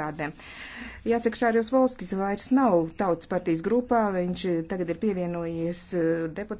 iestādēm. Jācek Šārjos Volskis vairs nav tautas partijas grupā, viņš tagad ir pievienojies eh, deputātiem.